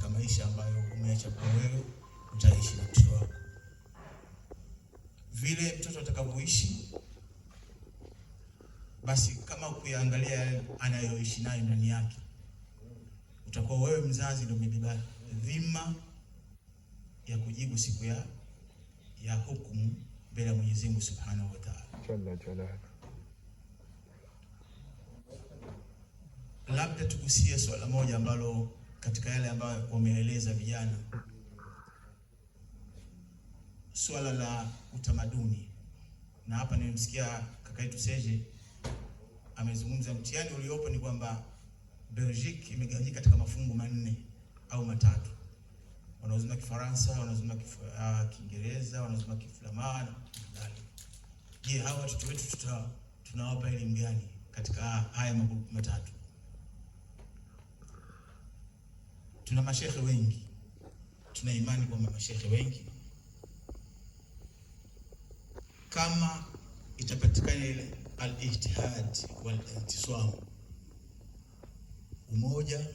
katika maisha ambayo umeacha kwa wewe utaishi na mtoto wako. Vile mtoto atakavyoishi, basi kama kuyaangalia anayoishi nayo ndani yake, utakuwa wewe mzazi ndio umebeba dhima ya kujibu siku ya ya hukumu mbele ya Mwenyezi Mungu Subhanahu wa Ta'ala. Labda tugusie swala moja ambalo katika yale ambayo wameeleza vijana, swala la utamaduni, na hapa nimemsikia kaka yetu Serge amezungumza, mtihani uliopo ni kwamba Belgique imegawanyika katika mafungu manne au matatu, wanazungumza Kifaransa, wanaozungumza ah, Kiingereza, wanazungumza Kiflamaa Je, hawa watoto wetu tunawapa elimu gani katika haya magrupu matatu? Tuna mashehe wengi, tuna imani kwamba mashehe wengi kama itapatikana ile al-ijtihad wal-intisam, umoja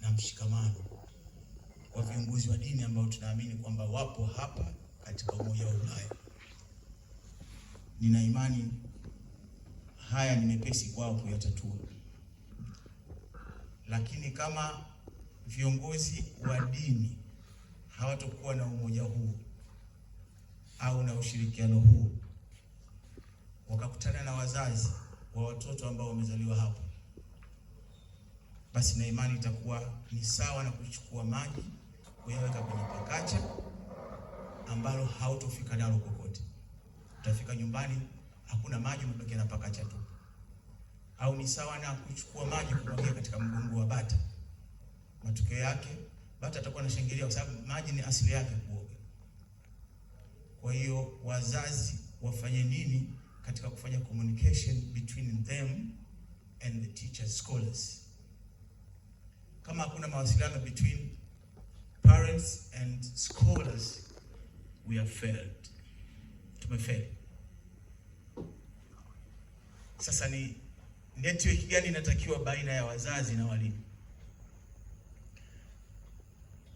na mshikamano wa viongozi wa dini ambao tunaamini kwamba wapo hapa katika umoja wa Ulaya, nina imani haya ni mepesi kwao kuyatatua, lakini kama viongozi wa dini hawatokuwa na umoja huu au na ushirikiano huu, wakakutana na wazazi wa watoto ambao wamezaliwa hapo, basi na imani itakuwa ni sawa na kuchukua maji kuyaweka kwenye pakacha ambalo hautofika nalo kokote. Utafika nyumbani hakuna maji, umebakia na pakacha tu, au ni sawa na kuchukua maji kumwagia katika mgongo wa matokeo yake bata atakuwa anashangilia kwa sababu maji ni asili yake kuoga. Kwa hiyo wazazi wafanye nini katika kufanya communication between them and the teachers scholars? Kama hakuna mawasiliano between parents and scholars, we have failed, tumefail. Sasa ni network gani inatakiwa baina ya wazazi na walimu?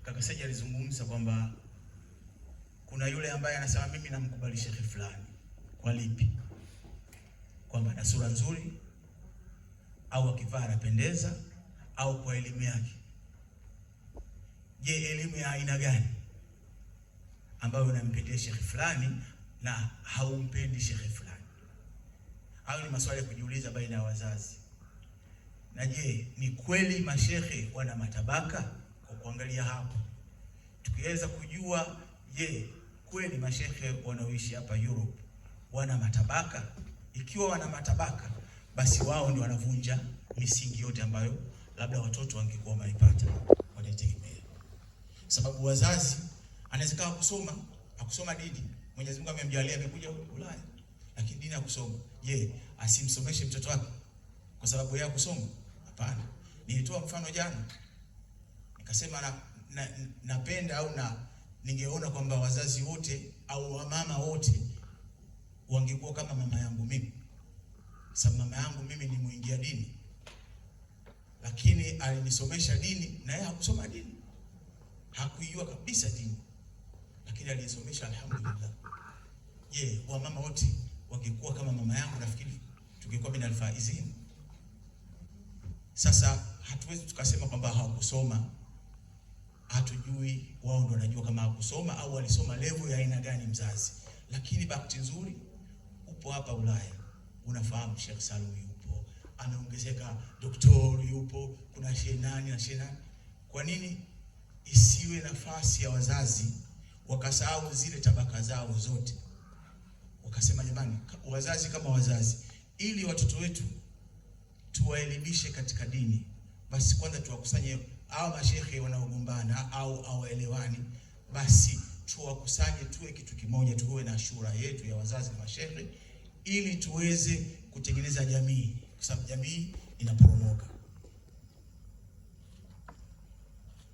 kaka Seja alizungumza kwamba kuna yule ambaye anasema mimi namkubali shekhe fulani kwa lipi? Kwamba na sura nzuri au akivaa anapendeza au kwa elimu yake. Je, elimu ya aina gani ambayo unampendia shekhe fulani na haumpendi shekhe fulani? Hayo ni maswali ya kujiuliza baina ya wazazi. Na je, ni kweli mashekhe wana matabaka? kwa kuangalia hapo, tukiweza kujua, je, kweli mashehe wanaoishi hapa Europe wana matabaka? Ikiwa wana matabaka, basi wao ndio wanavunja misingi yote ambayo labda watoto wangekuwa wanaipata wanaitegemea, sababu wazazi anaweza kusoma akusoma dini, Mwenyezi Mungu amemjalia amekuja Ulaya, lakini dini akusoma. Je, asimsomeshe mtoto wake kwa sababu yeye akusoma? Hapana. Nilitoa mfano jana akasema na, na, napenda au na ningeona kwamba wazazi wote au wamama wote wangekuwa kama mama yangu mimi, sababu mama yangu mimi ni muingia dini, lakini alinisomesha dini na yeye hakusoma dini, hakuijua kabisa dini, lakini alinisomesha alhamdulillah. Je, wamama wote wangekuwa kama mama yangu, nafikiri tungekuwa min alfaizin. Sasa hatuwezi tukasema kwamba hawakusoma hatujui wao ndio wanajua kama hakusoma au walisoma level ya aina gani mzazi. Lakini bahati nzuri upo hapa Ulaya, unafahamu Sheikh Salum yupo, ameongezeka doktori yupo, kuna nani na nani. Kwa nini isiwe nafasi ya wazazi wakasahau zile tabaka zao zote, wakasema jamani, wazazi kama wazazi, ili watoto wetu tuwaelimishe katika dini, basi kwanza tuwakusanye au mashehe wanaogombana au awaelewani, basi tuwakusanye, tuwe kitu kimoja, tuwe na shura yetu ya wazazi na mashehe ili tuweze kutengeneza jamii, kwa sababu jamii inaporomoka.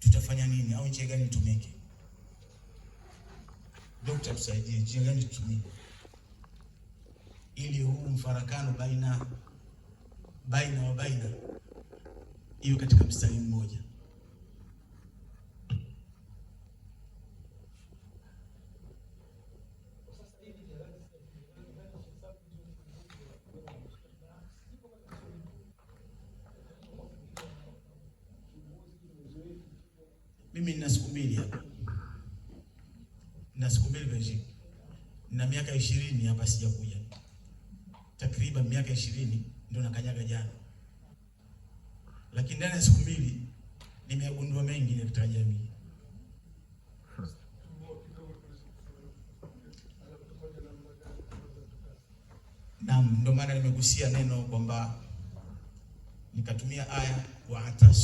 Tutafanya nini au njia gani itumike? Dokta, tusaidie, njia gani tutumike ili huu mfarakano baina baina wa baina iwe katika mstari mmoja. Mimi nina siku mbili hapa, nina siku mbili Belgique, na miaka ishirini hapa sijakuja, takriban miaka ishirini ndio nakanyaga jana, lakini ndani ya siku mbili nimegundua mengi katika jamii. Naam, ndio maana nimegusia neno kwamba nikatumia aya wa atashi